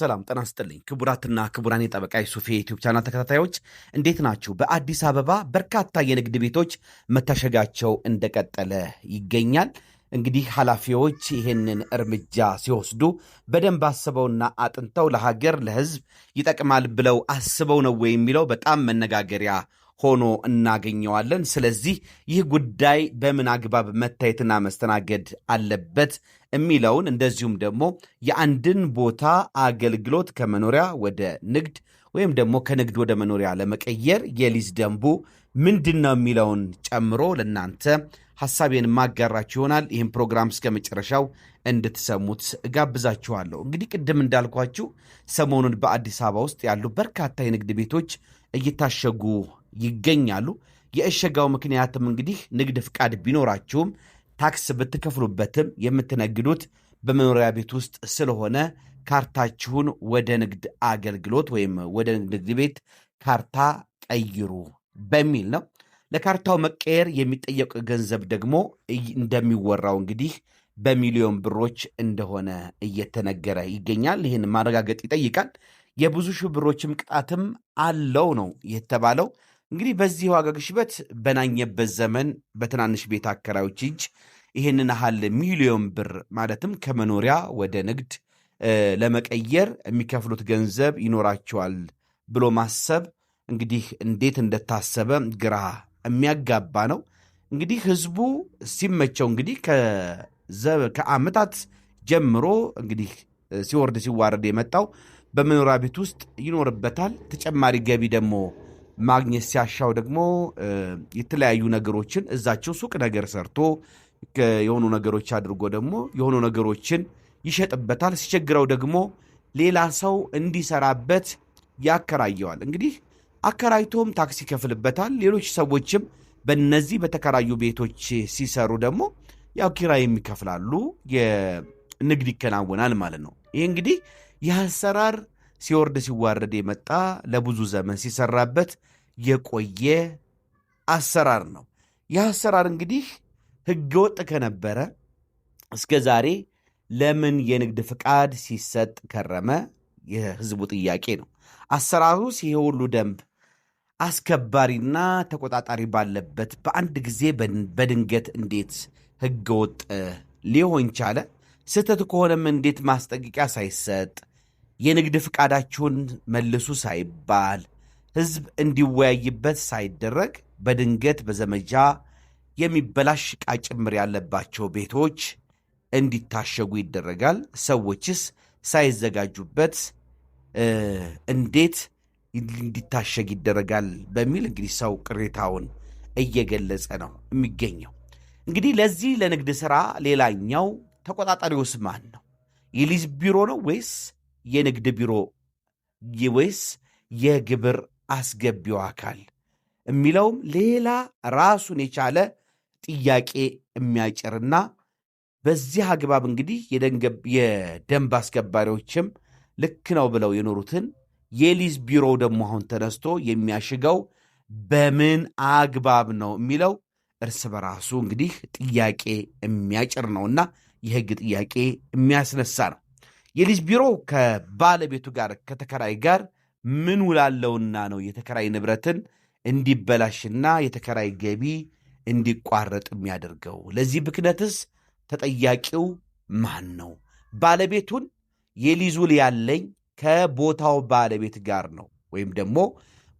ሰላም ጤና ይስጥልኝ ክቡራትና ክቡራን የጠበቃ ዩሱፍ የዩቲዩብ ቻናል ተከታታዮች እንዴት ናችሁ? በአዲስ አበባ በርካታ የንግድ ቤቶች መታሸጋቸው እንደቀጠለ ይገኛል። እንግዲህ ኃላፊዎች ይህንን እርምጃ ሲወስዱ በደንብ አስበውና አጥንተው ለሀገር ለሕዝብ ይጠቅማል ብለው አስበው ነው ወይ የሚለው በጣም መነጋገሪያ ሆኖ እናገኘዋለን። ስለዚህ ይህ ጉዳይ በምን አግባብ መታየትና መስተናገድ አለበት የሚለውን እንደዚሁም ደግሞ የአንድን ቦታ አገልግሎት ከመኖሪያ ወደ ንግድ ወይም ደግሞ ከንግድ ወደ መኖሪያ ለመቀየር የሊዝ ደንቡ ምንድን ነው የሚለውን ጨምሮ ለእናንተ ሀሳቤን ማጋራችሁ ይሆናል። ይህም ፕሮግራም እስከ መጨረሻው እንድትሰሙት እጋብዛችኋለሁ። እንግዲህ ቅድም እንዳልኳችሁ ሰሞኑን በአዲስ አበባ ውስጥ ያሉ በርካታ የንግድ ቤቶች እየታሸጉ ይገኛሉ። የእሸጋው ምክንያትም እንግዲህ ንግድ ፍቃድ ቢኖራችሁም ታክስ ብትከፍሉበትም የምትነግዱት በመኖሪያ ቤት ውስጥ ስለሆነ ካርታችሁን ወደ ንግድ አገልግሎት ወይም ወደ ንግድ ቤት ካርታ ቀይሩ በሚል ነው። ለካርታው መቀየር የሚጠየቅ ገንዘብ ደግሞ እንደሚወራው እንግዲህ በሚሊዮን ብሮች እንደሆነ እየተነገረ ይገኛል። ይህን ማረጋገጥ ይጠይቃል። የብዙ ሺህ ብሮችም ቅጣትም አለው ነው የተባለው። እንግዲህ በዚህ ዋጋ ግሽበት በናኘበት ዘመን በትናንሽ ቤት አከራዮች እጅ ይህንን ያህል ሚሊዮን ብር ማለትም ከመኖሪያ ወደ ንግድ ለመቀየር የሚከፍሉት ገንዘብ ይኖራቸዋል ብሎ ማሰብ እንግዲህ እንዴት እንደታሰበ ግራ የሚያጋባ ነው። እንግዲህ ህዝቡ ሲመቸው እንግዲህ ከዓመታት ጀምሮ እንግዲህ ሲወርድ ሲዋረድ የመጣው በመኖሪያ ቤት ውስጥ ይኖርበታል። ተጨማሪ ገቢ ደግሞ ማግኘት ሲያሻው ደግሞ የተለያዩ ነገሮችን እዛቸው ሱቅ ነገር ሰርቶ የሆኑ ነገሮች አድርጎ ደግሞ የሆኑ ነገሮችን ይሸጥበታል። ሲቸግረው ደግሞ ሌላ ሰው እንዲሰራበት ያከራየዋል። እንግዲህ አከራይቶም ታክስ ይከፍልበታል። ሌሎች ሰዎችም በነዚህ በተከራዩ ቤቶች ሲሰሩ ደግሞ ያው ኪራይም ይከፍላሉ። የንግድ ይከናወናል ማለት ነው። ይህ እንግዲህ ይህ አሰራር ሲወርድ ሲዋረድ የመጣ ለብዙ ዘመን ሲሰራበት የቆየ አሰራር ነው። ይህ አሰራር እንግዲህ ህገወጥ ከነበረ እስከ ዛሬ ለምን የንግድ ፍቃድ ሲሰጥ ከረመ? የህዝቡ ጥያቄ ነው። አሰራሩስ ይሄ ሁሉ ደንብ አስከባሪና ተቆጣጣሪ ባለበት በአንድ ጊዜ በድንገት እንዴት ህገወጥ ሊሆን ቻለ? ስህተት ከሆነም እንዴት ማስጠንቀቂያ ሳይሰጥ የንግድ ፍቃዳችሁን መልሱ ሳይባል ሕዝብ እንዲወያይበት ሳይደረግ በድንገት በዘመጃ የሚበላሽ ዕቃ ጭምር ያለባቸው ቤቶች እንዲታሸጉ ይደረጋል። ሰዎችስ ሳይዘጋጁበት እንዴት እንዲታሸግ ይደረጋል በሚል እንግዲህ ሰው ቅሬታውን እየገለጸ ነው የሚገኘው። እንግዲህ ለዚህ ለንግድ ሥራ ሌላኛው ተቆጣጣሪውስ ማን ነው? የሊዝ ቢሮ ነው ወይስ የንግድ ቢሮ ወይስ የግብር አስገቢው አካል የሚለውም ሌላ ራሱን የቻለ ጥያቄ የሚያጭርና በዚህ አግባብ እንግዲህ የደንብ አስከባሪዎችም ልክ ነው ብለው የኖሩትን የሊዝ ቢሮ ደግሞ አሁን ተነስቶ የሚያሽገው በምን አግባብ ነው የሚለው እርስ በራሱ እንግዲህ ጥያቄ የሚያጭር ነውና የሕግ ጥያቄ የሚያስነሳ ነው። የሊዝ ቢሮ ከባለቤቱ ጋር ከተከራይ ጋር ምን ውላለውና ነው የተከራይ ንብረትን እንዲበላሽና የተከራይ ገቢ እንዲቋረጥ የሚያደርገው? ለዚህ ብክነትስ ተጠያቂው ማን ነው? ባለቤቱን የሊዙ ያለኝ ከቦታው ባለቤት ጋር ነው ወይም ደግሞ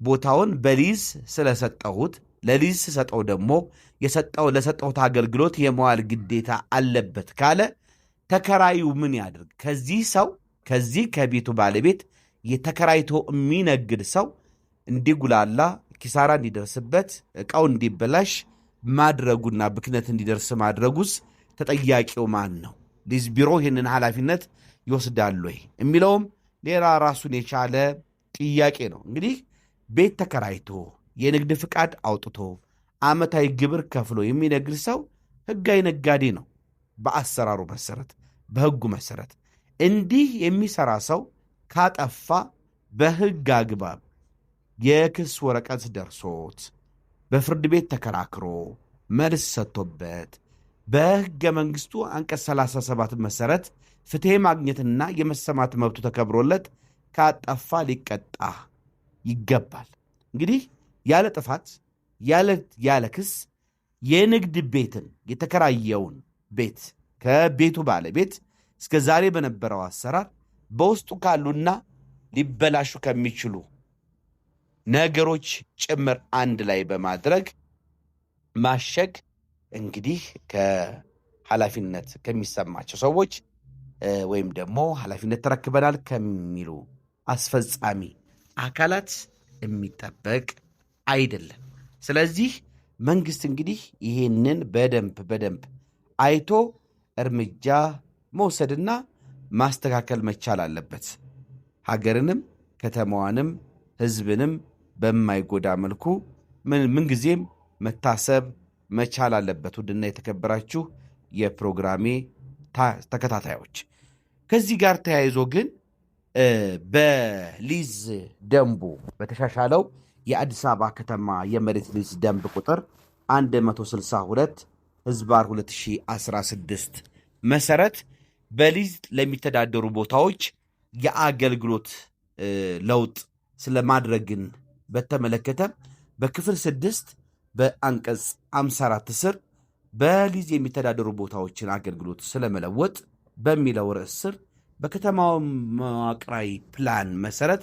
ቦታውን በሊዝ ስለሰጠሁት ለሊዝ ስሰጠው ደግሞ የሰጠው ለሰጠሁት አገልግሎት የመዋል ግዴታ አለበት ካለ ተከራዩ ምን ያድርግ? ከዚህ ሰው ከዚህ ከቤቱ ባለቤት የተከራይቶ የሚነግድ ሰው እንዲጉላላ፣ ኪሳራ እንዲደርስበት፣ እቃው እንዲበላሽ ማድረጉና ብክነት እንዲደርስ ማድረጉስ ተጠያቂው ማን ነው? ሊዝ ቢሮ ይህንን ኃላፊነት ይወስዳሉ ወይ የሚለውም ሌላ ራሱን የቻለ ጥያቄ ነው። እንግዲህ ቤት ተከራይቶ የንግድ ፍቃድ አውጥቶ ዓመታዊ ግብር ከፍሎ የሚነግድ ሰው ሕጋዊ ነጋዴ ነው። በአሰራሩ መሰረት፣ በሕጉ መሰረት እንዲህ የሚሰራ ሰው ካጠፋ በሕግ አግባብ የክስ ወረቀት ደርሶት በፍርድ ቤት ተከራክሮ መልስ ሰጥቶበት በሕገ መንግሥቱ አንቀጽ 37 መሠረት ፍትሄ ማግኘትና የመሰማት መብቱ ተከብሮለት ካጠፋ ሊቀጣ ይገባል። እንግዲህ ያለ ጥፋት ያለ ክስ የንግድ ቤትን የተከራየውን ቤት ከቤቱ ባለቤት እስከ ዛሬ በነበረው አሰራር በውስጡ ካሉና ሊበላሹ ከሚችሉ ነገሮች ጭምር አንድ ላይ በማድረግ ማሸግ እንግዲህ ከኃላፊነት ከሚሰማቸው ሰዎች ወይም ደግሞ ኃላፊነት ተረክበናል ከሚሉ አስፈጻሚ አካላት የሚጠበቅ አይደለም። ስለዚህ መንግስት እንግዲህ ይህንን በደንብ በደንብ አይቶ እርምጃ መውሰድና ማስተካከል መቻል አለበት። ሀገርንም ከተማዋንም ሕዝብንም በማይጎዳ መልኩ ምንጊዜም መታሰብ መቻል አለበት። ውድና የተከበራችሁ የፕሮግራሜ ተከታታዮች ከዚህ ጋር ተያይዞ ግን በሊዝ ደንቡ በተሻሻለው የአዲስ አበባ ከተማ የመሬት ሊዝ ደንብ ቁጥር 162 ህዝባር 2016 መሰረት በሊዝ ለሚተዳደሩ ቦታዎች የአገልግሎት ለውጥ ስለማድረግን በተመለከተ በክፍል ስድስት በአንቀጽ 54 ስር በሊዝ የሚተዳደሩ ቦታዎችን አገልግሎት ስለመለወጥ በሚለው ርዕስ ስር በከተማው መዋቅራዊ ፕላን መሰረት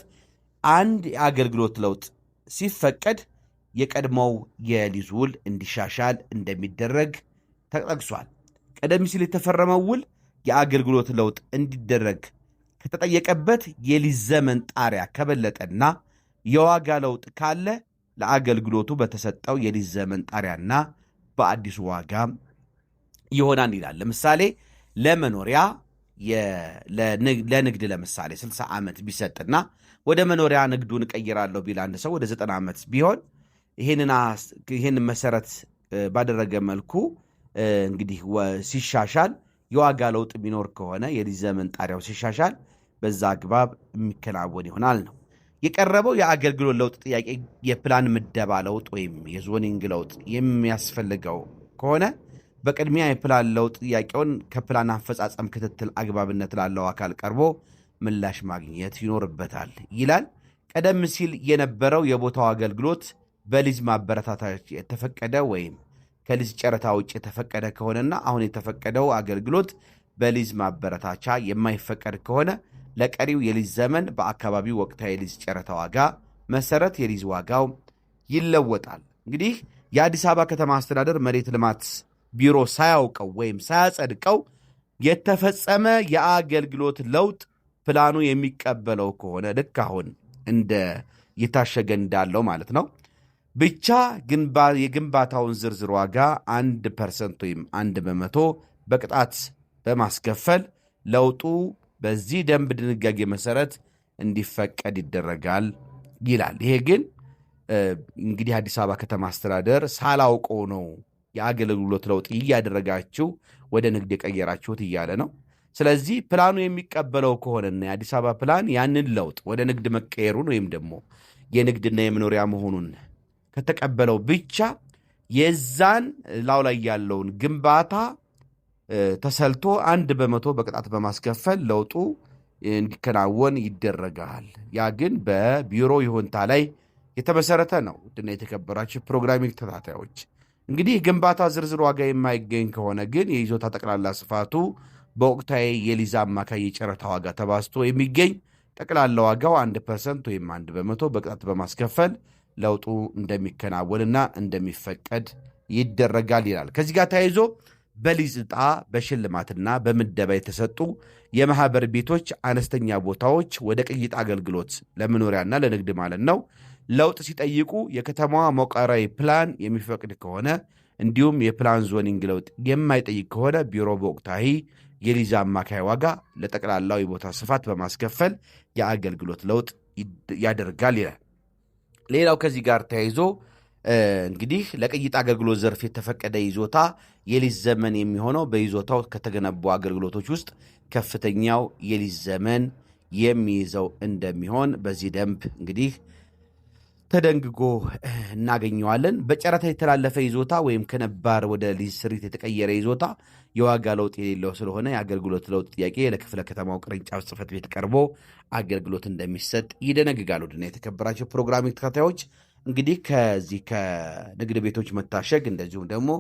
አንድ የአገልግሎት ለውጥ ሲፈቀድ የቀድሞው የሊዝ ውል እንዲሻሻል እንደሚደረግ ተጠቅሷል። ቀደም ሲል የተፈረመው ውል የአገልግሎት ለውጥ እንዲደረግ ከተጠየቀበት የሊዝ ዘመን ጣሪያ ከበለጠና የዋጋ ለውጥ ካለ ለአገልግሎቱ በተሰጠው የሊዝ ዘመን ጣሪያና በአዲሱ ዋጋ ይሆናል ይላል። ለምሳሌ ለመኖሪያ ለንግድ ለምሳሌ 60 ዓመት ቢሰጥና ወደ መኖሪያ ንግዱን እቀይራለሁ ቢል አንድ ሰው ወደ 90 ዓመት ቢሆን ይህንን መሰረት ባደረገ መልኩ እንግዲህ ሲሻሻል የዋጋ ለውጥ የሚኖር ከሆነ የሊዝ ዘመን ጣሪያው ሲሻሻል በዛ አግባብ የሚከናወን ይሆናል ነው የቀረበው። የአገልግሎት ለውጥ ጥያቄ የፕላን ምደባ ለውጥ ወይም የዞኒንግ ለውጥ የሚያስፈልገው ከሆነ በቅድሚያ የፕላን ለውጥ ጥያቄውን ከፕላን አፈጻጸም ክትትል አግባብነት ላለው አካል ቀርቦ ምላሽ ማግኘት ይኖርበታል ይላል። ቀደም ሲል የነበረው የቦታው አገልግሎት በሊዝ ማበረታታች የተፈቀደ ወይም ከሊዝ ጨረታ ውጭ የተፈቀደ ከሆነና አሁን የተፈቀደው አገልግሎት በሊዝ ማበረታቻ የማይፈቀድ ከሆነ ለቀሪው የሊዝ ዘመን በአካባቢው ወቅታዊ የሊዝ ጨረታ ዋጋ መሰረት የሊዝ ዋጋው ይለወጣል። እንግዲህ የአዲስ አበባ ከተማ አስተዳደር መሬት ልማት ቢሮ ሳያውቀው ወይም ሳያጸድቀው የተፈጸመ የአገልግሎት ለውጥ ፕላኑ የሚቀበለው ከሆነ ልክ አሁን እንደ እየታሸገ እንዳለው ማለት ነው ብቻ የግንባታውን ዝርዝር ዋጋ አንድ ፐርሰንት ወይም አንድ በመቶ በቅጣት በማስከፈል ለውጡ በዚህ ደንብ ድንጋጌ መሰረት እንዲፈቀድ ይደረጋል ይላል። ይሄ ግን እንግዲህ አዲስ አበባ ከተማ አስተዳደር ሳላውቀው ነው የአገልግሎት ለውጥ እያደረጋችሁ ወደ ንግድ የቀየራችሁት እያለ ነው። ስለዚህ ፕላኑ የሚቀበለው ከሆነና የአዲስ አበባ ፕላን ያንን ለውጥ ወደ ንግድ መቀየሩን ወይም ደግሞ የንግድና የመኖሪያ መሆኑን ከተቀበለው ብቻ የዛን ላው ላይ ያለውን ግንባታ ተሰልቶ አንድ በመቶ በቅጣት በማስከፈል ለውጡ እንዲከናወን ይደረጋል። ያ ግን በቢሮ ይሁንታ ላይ የተመሰረተ ነው። ድና የተከበራቸው ፕሮግራሚንግ ተታታዮች እንግዲህ ግንባታ ዝርዝር ዋጋ የማይገኝ ከሆነ ግን የይዞታ ጠቅላላ ስፋቱ በወቅታዊ የሊዛ አማካይ የጨረታ ዋጋ ተባዝቶ የሚገኝ ጠቅላላ ዋጋው አንድ ፐርሰንት ወይም አንድ በመቶ በቅጣት በማስከፈል ለውጡ እንደሚከናወንና እንደሚፈቀድ ይደረጋል ይላል። ከዚህ ጋር ተያይዞ በሊዝ ዕጣ በሽልማትና በምደባ የተሰጡ የማህበር ቤቶች አነስተኛ ቦታዎች ወደ ቅይጥ አገልግሎት ለመኖሪያና ለንግድ ማለት ነው ለውጥ ሲጠይቁ የከተማዋ መዋቅራዊ ፕላን የሚፈቅድ ከሆነ እንዲሁም የፕላን ዞኒንግ ለውጥ የማይጠይቅ ከሆነ ቢሮ በወቅታዊ የሊዝ አማካይ ዋጋ ለጠቅላላው የቦታ ስፋት በማስከፈል የአገልግሎት ለውጥ ያደርጋል ይላል። ሌላው ከዚህ ጋር ተያይዞ እንግዲህ ለቅይጥ አገልግሎት ዘርፍ የተፈቀደ ይዞታ የሊዝ ዘመን የሚሆነው በይዞታው ከተገነቡ አገልግሎቶች ውስጥ ከፍተኛው የሊዝ ዘመን የሚይዘው እንደሚሆን በዚህ ደንብ እንግዲህ ተደንግጎ እናገኘዋለን። በጨረታ የተላለፈ ይዞታ ወይም ከነባር ወደ ሊዝ ስሪት የተቀየረ ይዞታ የዋጋ ለውጥ የሌለው ስለሆነ የአገልግሎት ለውጥ ጥያቄ ለክፍለ ከተማው ቅርንጫፍ ጽፈት ቤት ቀርቦ አገልግሎት እንደሚሰጥ ይደነግጋል። ውድና የተከበራቸው ፕሮግራሚንግ ተከታታዮች እንግዲህ ከዚህ ከንግድ ቤቶች መታሸግ እንደዚሁም ደግሞ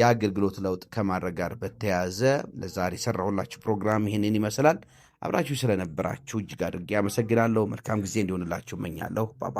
የአገልግሎት ለውጥ ከማድረግ ጋር በተያያዘ ለዛሬ የሰራሁላችሁ ፕሮግራም ይህንን ይመስላል። አብራችሁ ስለነበራችሁ እጅግ አድርጌ አመሰግናለሁ። መልካም ጊዜ እንዲሆንላችሁ እመኛለሁ። ባባ